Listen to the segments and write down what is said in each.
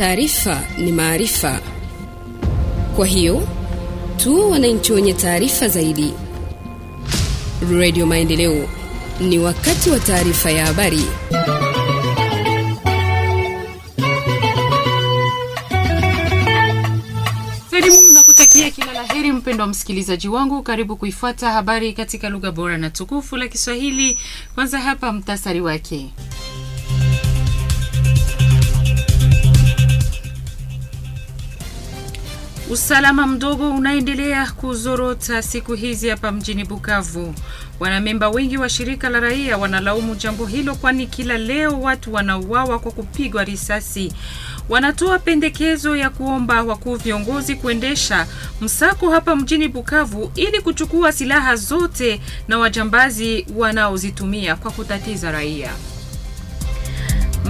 Taarifa ni maarifa, kwa hiyo tu wananchi wenye taarifa zaidi. Redio Maendeleo, ni wakati wa taarifa ya habari. Kila la heri mpendo wa msikilizaji wangu, karibu kuifuata habari katika lugha bora na tukufu la Kiswahili. Kwanza hapa mtasari wake. Usalama mdogo unaendelea kuzorota siku hizi hapa mjini Bukavu. Wanamemba wengi wa shirika la raia wanalaumu jambo hilo, kwani kila leo watu wanauawa kwa kupigwa risasi. Wanatoa pendekezo ya kuomba wakuu viongozi kuendesha msako hapa mjini Bukavu ili kuchukua silaha zote na wajambazi wanaozitumia kwa kutatiza raia.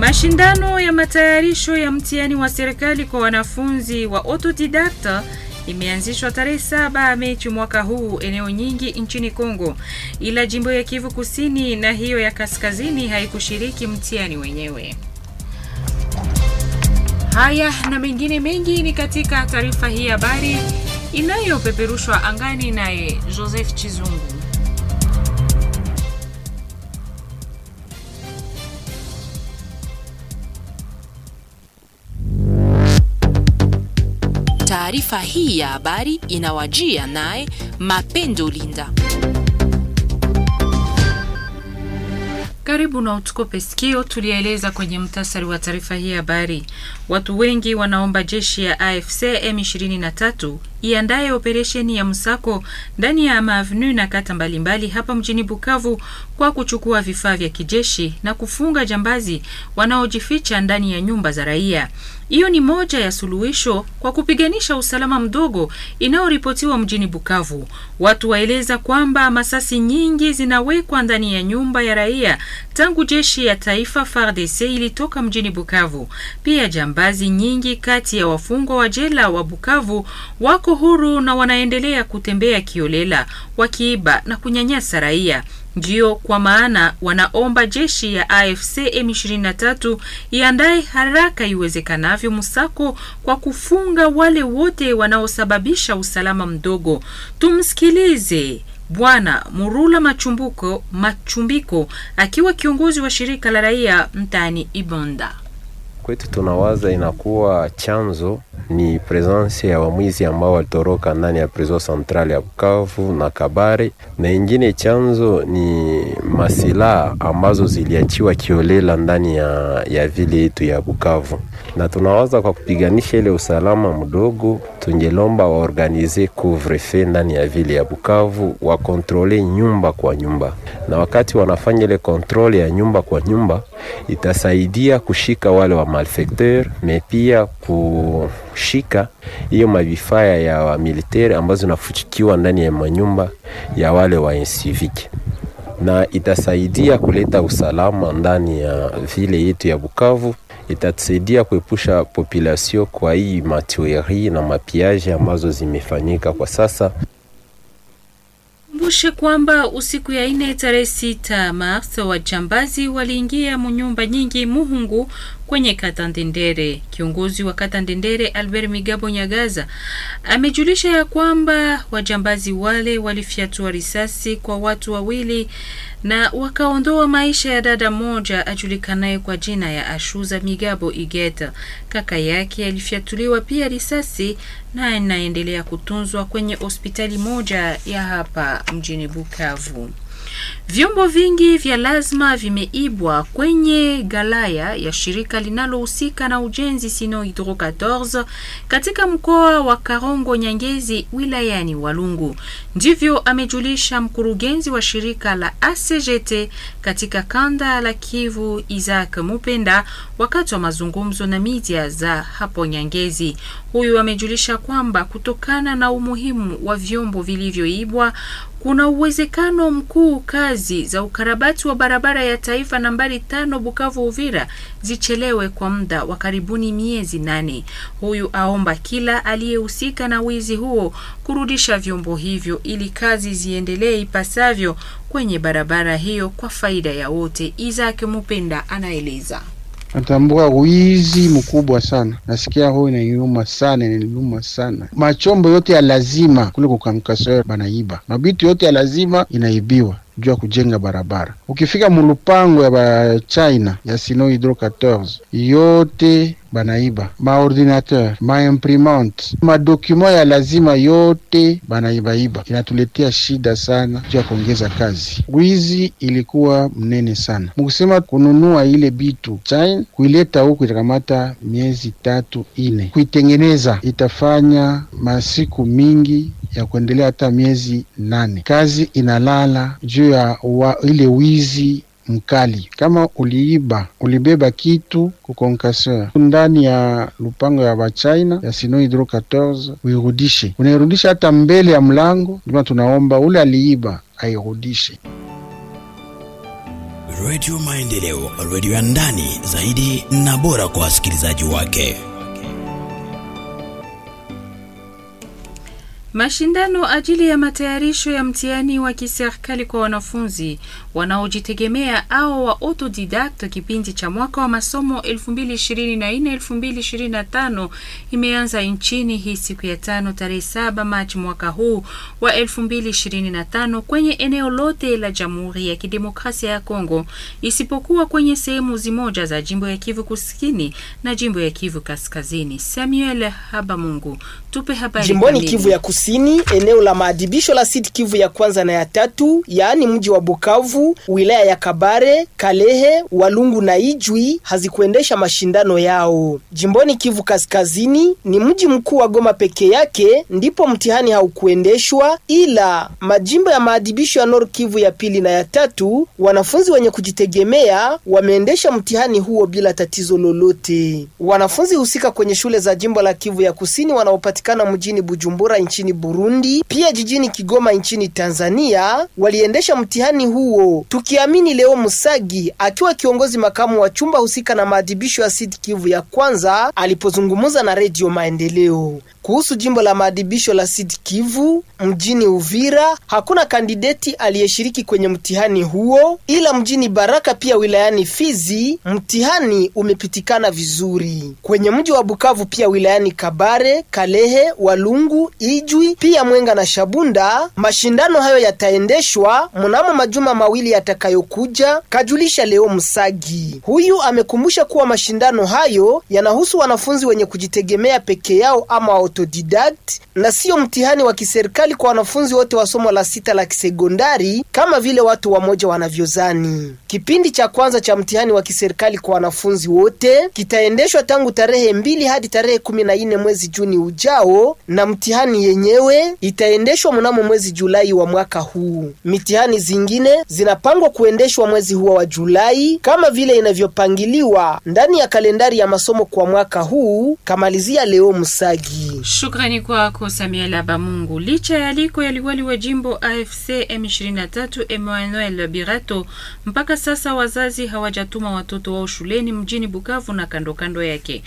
Mashindano ya matayarisho ya mtihani wa serikali kwa wanafunzi wa autodidact imeanzishwa tarehe saba Mechi mwaka huu eneo nyingi nchini Kongo, ila jimbo ya Kivu Kusini na hiyo ya Kaskazini haikushiriki mtihani wenyewe. Haya na mengine mengi ni katika taarifa hii habari inayopeperushwa angani naye Joseph Chizungu. Taarifa hii ya habari inawajia naye Mapendo Linda. Karibu na utukope sikio, tulieleza kwenye mtasari wa taarifa hii ya habari. Watu wengi wanaomba jeshi ya AFC M23 iandaye operesheni ya msako ndani ya maavenu na kata mbalimbali hapa mjini Bukavu kwa kuchukua vifaa vya kijeshi na kufunga jambazi wanaojificha ndani ya nyumba za raia. Hiyo ni moja ya suluhisho kwa kupiganisha usalama mdogo inayoripotiwa mjini Bukavu. Watu waeleza kwamba masasi nyingi zinawekwa ndani ya nyumba ya raia tangu jeshi ya taifa FARDC ilitoka mjini Bukavu. Pia jambazi nyingi kati ya wafungwa wa jela wa Bukavu wako wako huru na wanaendelea kutembea kiolela wakiiba na kunyanyasa raia. ndio kwa maana wanaomba jeshi ya AFC M23 iandae haraka iwezekanavyo msako kwa kufunga wale wote wanaosababisha usalama mdogo. Tumsikilize Bwana Murula Machumbuko Machumbiko akiwa kiongozi wa shirika la raia mtaani Ibonda kwetu tunawaza inakuwa chanzo ni presence ya wamwizi ambao walitoroka ndani ya prison central ya Bukavu na Kabare, na ingine chanzo ni masilaha ambazo ziliachiwa kiolela ndani ya, ya vile yetu ya Bukavu, na tunawaza kwa kupiganisha ile usalama mdogo, tungelomba waorganize couvre-feu ndani ya vile ya Bukavu, wakontrole nyumba kwa nyumba, na wakati wanafanya ile kontrole ya nyumba kwa nyumba itasaidia kushika wale wa malfecteur me pia kushika hiyo mavifaya ya militeri ambazo zinafuchikiwa ndani ya manyumba ya wale wa inciviki na itasaidia kuleta usalama ndani ya vile yetu ya Bukavu. Itatusaidia kuepusha populasio kwa hii matueri na mapiaje ambazo zimefanyika kwa sasa. Kumbushe kwamba usiku ya ine tarehe sita Mars wajambazi waliingia munyumba nyingi Muhungu kwenye kata Ndendere. Kiongozi wa kata Ndendere Albert Migabo Nyagaza amejulisha ya kwamba wajambazi wale walifyatua risasi kwa watu wawili na wakaondoa maisha ya dada moja ajulikanaye kwa jina ya Ashuza Migabo Igeta. Kaka yake alifyatuliwa pia risasi na anaendelea kutunzwa kwenye hospitali moja ya hapa mjini Bukavu. Vyombo vingi vya lazima vimeibwa kwenye galaya ya shirika linalohusika na ujenzi Sino Hydro 14 katika mkoa wa Karongo Nyangezi wilayani Walungu. Ndivyo amejulisha mkurugenzi wa shirika la ACGT katika kanda la Kivu Isaac Mupenda wakati wa mazungumzo na media za hapo Nyangezi. Huyu amejulisha kwamba kutokana na umuhimu wa vyombo vilivyoibwa kuna uwezekano mkuu kazi za ukarabati wa barabara ya taifa nambari tano Bukavu Uvira zichelewe kwa muda wa karibuni miezi nane. Huyu aomba kila aliyehusika na wizi huo kurudisha vyombo hivyo ili kazi ziendelee ipasavyo kwenye barabara hiyo kwa faida ya wote. Isaac Mupenda anaeleza. Natambua wizi mkubwa sana, nasikia huyu inaniuma sana, inaniuma sana. Machombo yote ya lazima kule kukamkasoya banaiba, mabitu yote ya lazima inaibiwa juu ya kujenga barabara. Ukifika mulupango ya ba China ya Sino Hydro 14 yote banaiba maordinateur maimprimante madokuma ya lazima yote banaibaiba. Inatuletea shida sana juu ya kuongeza kazi. Wizi ilikuwa mnene sana, mukusema kununua ile bitu China kuileta huku itakamata miezi tatu ine, kuitengeneza itafanya masiku mingi ya kuendelea hata miezi nane. Kazi inalala juu ya ile wizi mkali. Kama uliiba ulibeba kitu kukonkaseur ndani ya lupango ya Bachina ya Sino Hydro 14 uirudishe, unairudisha hata mbele ya mlango. Ndio tunaomba ule aliiba airudishe. Redio Maendeleo, redio ya ndani zaidi na bora kwa wasikilizaji wake. Mashindano ajili ya matayarisho ya mtihani wa kiserikali kwa wanafunzi wanaojitegemea au wa autodidact kipindi cha mwaka wa masomo 2024 2025 imeanza nchini hii siku ya tano tarehe 7 Machi mwaka huu wa 2025 kwenye eneo lote la Jamhuri ya Kidemokrasia ya Kongo isipokuwa kwenye sehemu zimoja za jimbo ya Kivu Kusini na jimbo ya Kivu Kaskazini. Samuel Habamungu, tupe habari. Jimboni Kivu ya Kusini, eneo la maadibisho la Sud Kivu ya kwanza na ya tatu, yaani mji wa Bukavu Kivu, wilaya ya Kabare, Kalehe, Walungu na Ijwi hazikuendesha mashindano yao. Jimboni Kivu Kaskazini, ni mji mkuu wa Goma peke yake ndipo mtihani haukuendeshwa, ila majimbo ya maadhibisho ya Nord Kivu ya pili na ya tatu, wanafunzi wenye kujitegemea wameendesha mtihani huo bila tatizo lolote. Wanafunzi husika kwenye shule za jimbo la Kivu ya Kusini wanaopatikana mjini Bujumbura nchini Burundi, pia jijini Kigoma nchini Tanzania waliendesha mtihani huo tukiamini leo Musagi akiwa kiongozi makamu wa chumba husika na maadhibisho ya Sud Kivu ya kwanza alipozungumza na Redio Maendeleo. Kuhusu jimbo la maadibisho la Sud Kivu mjini Uvira, hakuna kandideti aliyeshiriki kwenye mtihani huo, ila mjini Baraka pia wilayani Fizi mtihani umepitikana vizuri. Kwenye mji wa Bukavu pia wilayani Kabare, Kalehe, Walungu, Ijwi pia Mwenga na Shabunda. Mashindano hayo yataendeshwa mnamo majuma mawili yatakayokuja, kajulisha Leo Msagi. Huyu amekumbusha kuwa mashindano hayo yanahusu wanafunzi wenye kujitegemea peke yao ama autodidact na sio mtihani wa kiserikali kwa wanafunzi wote wa somo la sita la kisekondari kama vile watu wamoja wanavyozani. Kipindi cha kwanza cha mtihani wa kiserikali kwa wanafunzi wote kitaendeshwa tangu tarehe mbili hadi tarehe kumi na nne mwezi Juni ujao, na mtihani yenyewe itaendeshwa mnamo mwezi Julai wa mwaka huu. Mitihani zingine zinapangwa kuendeshwa mwezi huo wa Julai kama vile inavyopangiliwa ndani ya kalendari ya masomo kwa mwaka huu. Kamalizia leo msagi Shukrani kwako samiela Laba Mungu. Licha ya aliko ya liwali wa jimbo AFC M23 Emmanuel Birato, mpaka sasa wazazi hawajatuma watoto wao shuleni mjini Bukavu na kandokando yake.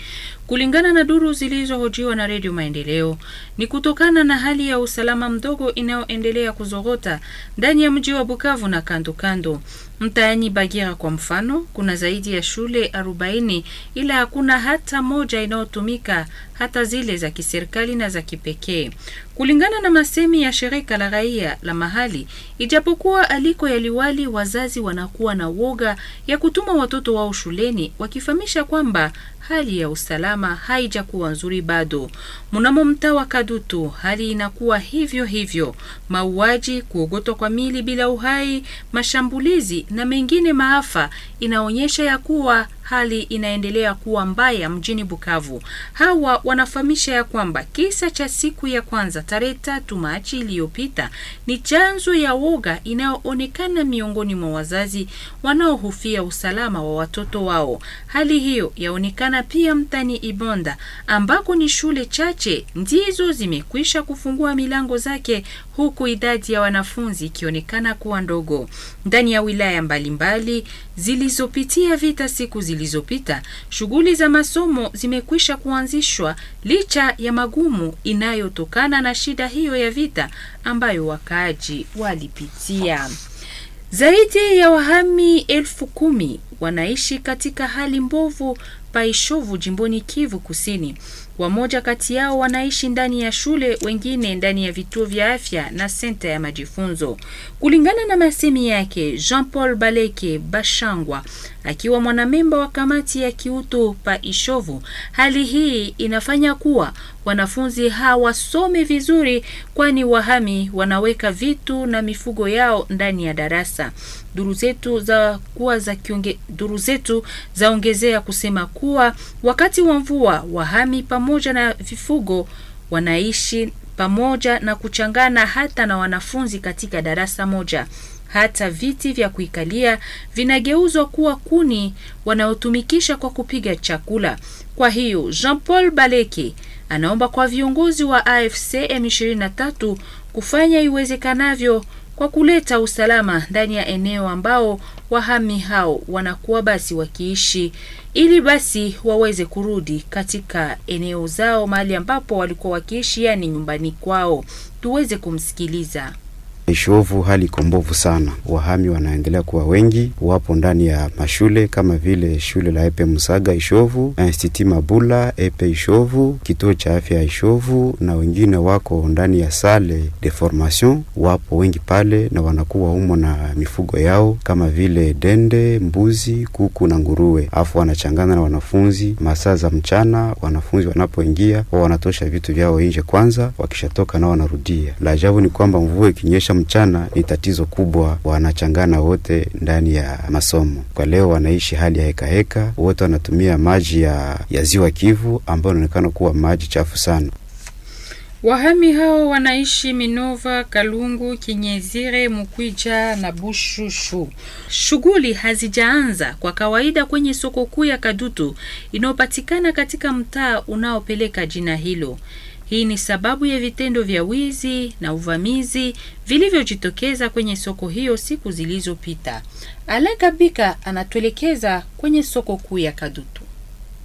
Kulingana na duru zilizohojiwa na Redio Maendeleo, ni kutokana na hali ya usalama mdogo inayoendelea kuzorota ndani ya mji wa Bukavu na kando kando. Mtaani Bagira kwa mfano, kuna zaidi ya shule 40 ila hakuna hata moja inayotumika, hata zile za kiserikali na za kipekee. Kulingana na masemi ya shirika la raia la mahali, ijapokuwa aliko yaliwali, wazazi wanakuwa na woga ya kutuma watoto wao shuleni, wakifahamisha kwamba hali ya usalama haijakuwa nzuri bado. Mnamo mtaa wa Kadutu hali inakuwa hivyo hivyo: mauaji, kuogotwa kwa mili bila uhai, mashambulizi na mengine maafa, inaonyesha ya kuwa hali inaendelea kuwa mbaya mjini Bukavu. Hawa wanafahamisha ya kwamba kisa cha siku ya kwanza tarehe tatu Machi iliyopita ni chanzo ya woga inayoonekana miongoni mwa wazazi wanaohofia usalama wa watoto wao. Hali hiyo yaonekana pia mtani Ibonda ambako ni shule chache ndizo zimekwisha kufungua milango zake huku idadi ya wanafunzi ikionekana kuwa ndogo. Ndani ya wilaya mbalimbali zilizopitia vita siku zilizopita, shughuli za masomo zimekwisha kuanzishwa licha ya magumu inayotokana na shida hiyo ya vita ambayo wakaaji walipitia. Zaidi ya wahami elfu kumi wanaishi katika hali mbovu Paishovu jimboni Kivu Kusini. Wamoja kati yao wanaishi ndani ya shule, wengine ndani ya vituo vya afya na senta ya majifunzo. Kulingana na masemi yake Jean Paul Baleke Bashangwa, akiwa mwanamemba wa kamati ya kiutu Paishovu, hali hii inafanya kuwa wanafunzi hawasome vizuri, kwani wahami wanaweka vitu na mifugo yao ndani ya darasa duru zetu za kuwa za kionge, duru zetu zaongezea kusema kuwa wakati wa mvua wahami pamoja na vifugo wanaishi pamoja na kuchangana hata na wanafunzi katika darasa moja. Hata viti vya kuikalia vinageuzwa kuwa kuni wanaotumikisha kwa kupiga chakula. Kwa hiyo Jean Paul Baleke anaomba kwa viongozi wa AFC M23 kufanya iwezekanavyo kwa kuleta usalama ndani ya eneo ambao wahami hao wanakuwa basi wakiishi, ili basi waweze kurudi katika eneo zao mahali ambapo walikuwa wakiishi, yani nyumbani kwao. Tuweze kumsikiliza. Ishovu hali iko mbovu sana, wahami wanaendelea kuwa wengi, wapo ndani ya mashule kama vile shule la Epe Musaga Ishovu, Institi Mabula Epe Ishovu, kituo cha afya Ishovu, na wengine wako ndani ya sale de formation, wapo wengi pale na wanakuwa humo na mifugo yao kama vile dende, mbuzi, kuku na nguruwe, afu wanachangana na wanafunzi. Masaa za mchana wanafunzi wanapoingia, wao wanatosha vitu vyao nje kwanza, wakishatoka nao wanarudia. La ajabu ni kwamba mvua ikinyesha mchana ni tatizo kubwa, wanachangana wote ndani ya masomo. Kwa leo wanaishi hali ya hekaheka heka, wote wanatumia maji ya, ya ziwa Kivu ambayo inaonekana kuwa maji chafu sana. Wahami hao wanaishi Minova, Kalungu, Kinyezire, Mukwija na Bushushu. Shughuli hazijaanza kwa kawaida kwenye soko kuu ya Kadutu inayopatikana katika mtaa unaopeleka jina hilo. Hii ni sababu ya vitendo vya wizi na uvamizi vilivyojitokeza kwenye soko hiyo siku zilizopita. Alain Bika anatuelekeza kwenye soko kuu ya Kadutu.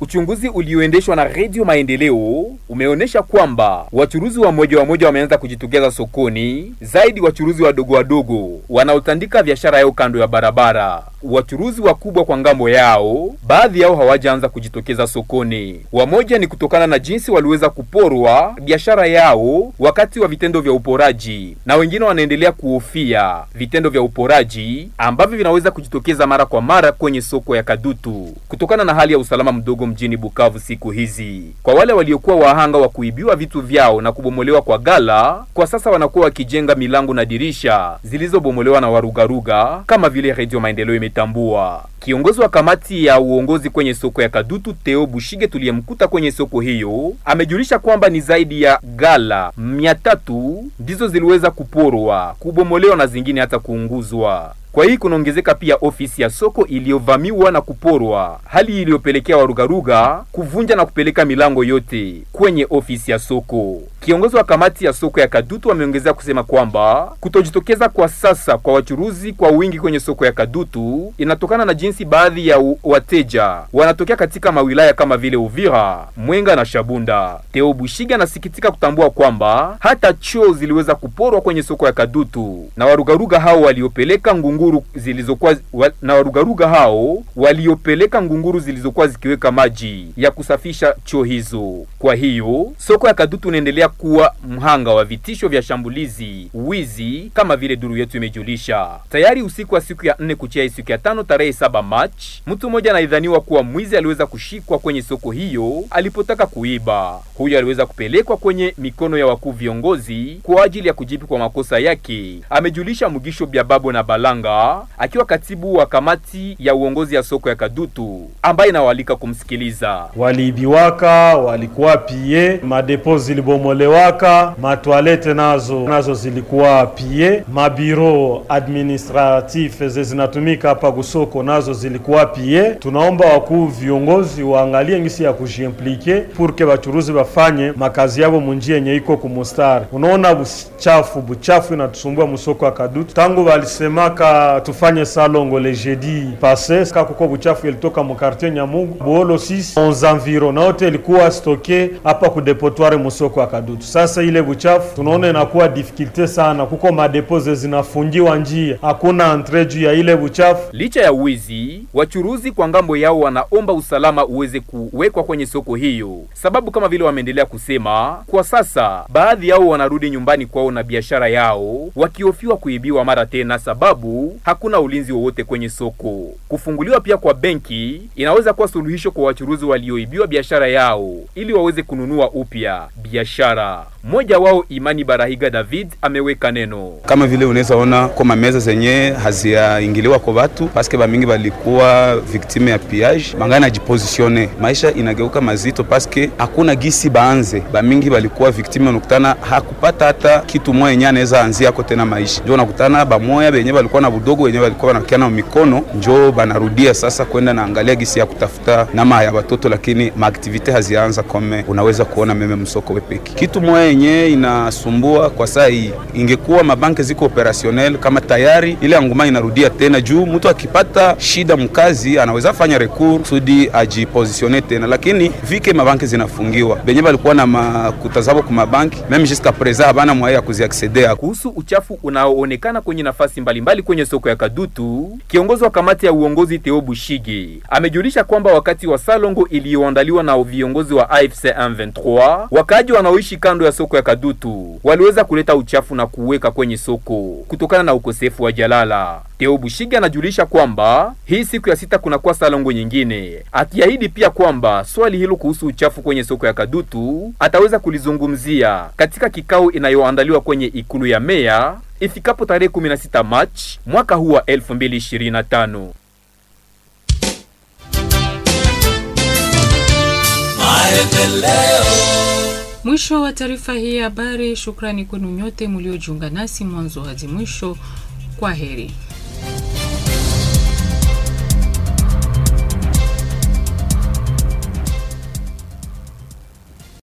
Uchunguzi ulioendeshwa na Redio Maendeleo umeonyesha kwamba wachuruzi wamoja wamoja wameanza kujitokeza sokoni, zaidi wachuruzi wadogo wadogo wanaotandika biashara yao kando ya barabara. Wachuruzi wakubwa kwa ngambo yao, baadhi yao hawajaanza kujitokeza sokoni. Wamoja ni kutokana na jinsi waliweza kuporwa biashara yao wakati wa vitendo vya uporaji, na wengine wanaendelea kuhofia vitendo vya uporaji ambavyo vinaweza kujitokeza mara kwa mara kwenye soko ya Kadutu kutokana na hali ya usalama mdogo mjini Bukavu siku hizi. Kwa wale waliokuwa wahanga wa kuibiwa vitu vyao na kubomolewa kwa gala, kwa sasa wanakuwa wakijenga milango na dirisha zilizobomolewa na warugaruga, kama vile Redio Maendeleo imetambua. Kiongozi wa kamati ya uongozi kwenye soko ya Kadutu, teo Bushige, tuliyemkuta kwenye soko hiyo, amejulisha kwamba ni zaidi ya gala mia tatu ndizo ziliweza kuporwa, kubomolewa na zingine hata kuunguzwa. Kwa hii kunaongezeka pia ofisi ya soko iliyovamiwa na kuporwa, hali iliyopelekea warugaruga kuvunja na kupeleka milango yote kwenye ofisi ya soko. Kiongozi wa kamati ya soko ya Kadutu ameongezea kusema kwamba kutojitokeza kwa sasa kwa wachuruzi kwa wingi kwenye soko ya Kadutu inatokana na jinsi baadhi ya wateja wanatokea katika mawilaya kama vile Uvira, Mwenga na Shabunda. Theo Bushiga anasikitika kutambua kwamba hata choo ziliweza kuporwa kwenye soko ya Kadutu na warugaruga hao waliopeleka ngungu ngunguru zilizokuwa na warugaruga hao waliopeleka ngunguru zilizokuwa zikiweka maji ya kusafisha choo hizo. Kwa hiyo soko ya Kadutu inaendelea kuwa mhanga wa vitisho vya shambulizi, wizi, kama vile duru yetu imejulisha. Tayari usiku wa siku ya nne kuchia siku ya tano tarehe saba Machi, mtu mmoja anaidhaniwa kuwa mwizi aliweza kushikwa kwenye soko hiyo alipotaka kuiba. Huyo aliweza kupelekwa kwenye mikono ya wakuu viongozi kwa ajili ya kujibu kwa makosa yake, amejulisha Mugisho Bya Babo na Balanga Manga akiwa katibu wa kamati ya uongozi ya soko ya Kadutu, ambaye inawalika kumsikiliza. Waliibiwaka, walikuwa pie, madepo zilibomolewaka, matwalete nazo nazo zilikuwa pie, mabiro administratif zinatumika hapa kusoko nazo zilikuwa pie. Tunaomba wakuu viongozi waangalie ngisi ya kujiimplike purke bachuruzi bafanye makazi yabo munjia yenye iko kumustari. Unaona buchafu buchafu inatusumbua musoko ya Kadutu tangu walisemaka tufanye salongo le jeudi passé, ska kuko buchafu ilitoka mu quartier Nyamungu bolo 6 11 environ, na yote ilikuwa stoke hapa ku depotoire musoko ya Kadutu. Sasa ile buchafu tunaona inakuwa difficulté sana, kuko madepoze zinafungiwa njia, hakuna entrée juu ya ile buchafu. Licha ya wizi, wachuruzi kwa ngambo yao wanaomba usalama uweze kuwekwa kwenye soko hiyo, sababu kama vile wameendelea kusema, kwa sasa baadhi yao wanarudi nyumbani kwao na biashara yao wakihofiwa kuibiwa mara tena sababu hakuna ulinzi wowote kwenye soko. Kufunguliwa pia kwa benki inaweza kuwa suluhisho kwa wachuruzi walioibiwa biashara yao ili waweze kununua upya biashara. Mmoja wao Imani Barahiga David ameweka neno kama vile unaweza ona kwa mameza zenye haziaingiliwa kwa watu paske bamingi balikuwa viktime ya piage bangana najipozisione maisha inageuka mazito paske hakuna gisi baanze bamingi balikuwa viktime, unakutana hakupata hata kitu moya yenye anaweza anziako tena maisha, ndio unakutana bamoya benye balikuwa na udogo wenyewe walikuwa wanakiana mikono, njo banarudia sasa kwenda naangalia gisi ya kutafuta nama ya watoto, lakini maaktivite hazianza kome. Unaweza kuona meme msoko wepeki kitu moya yenyewe inasumbua kwa saa hii. Ingekuwa mabanke ziko operationel kama tayari ile anguma inarudia tena, juu mtu akipata shida mkazi anaweza fanya rekur sudi ajipozisione tena, lakini vike mabanke zinafungiwa benye balikuwa na makutazabo ku mabanki meme jiska preza habana mwaya ya kuziaksedea. Kuhusu uchafu unaoonekana kwenye nafasi mbalimbali mbali kwenye soko ya Kadutu, kiongozi wa kamati ya uongozi Theo Bushige amejulisha kwamba wakati wa salongo iliyoandaliwa na viongozi wa AFC M23, wakaaji wanaoishi kando ya soko ya Kadutu waliweza kuleta uchafu na kuweka kwenye soko kutokana na ukosefu wa jalala. Theo Bushige anajulisha kwamba hii siku ya sita kunakuwa salongo nyingine, akiahidi pia kwamba swali hilo kuhusu uchafu kwenye soko ya Kadutu ataweza kulizungumzia katika kikao inayoandaliwa kwenye ikulu ya meya ifikapo tarehe 16 Machi mwaka huu wa 2025. Mwisho wa taarifa hii ya habari. Shukrani kwenu nyote mliojiunga nasi mwanzo hadi mwisho. Kwa heri.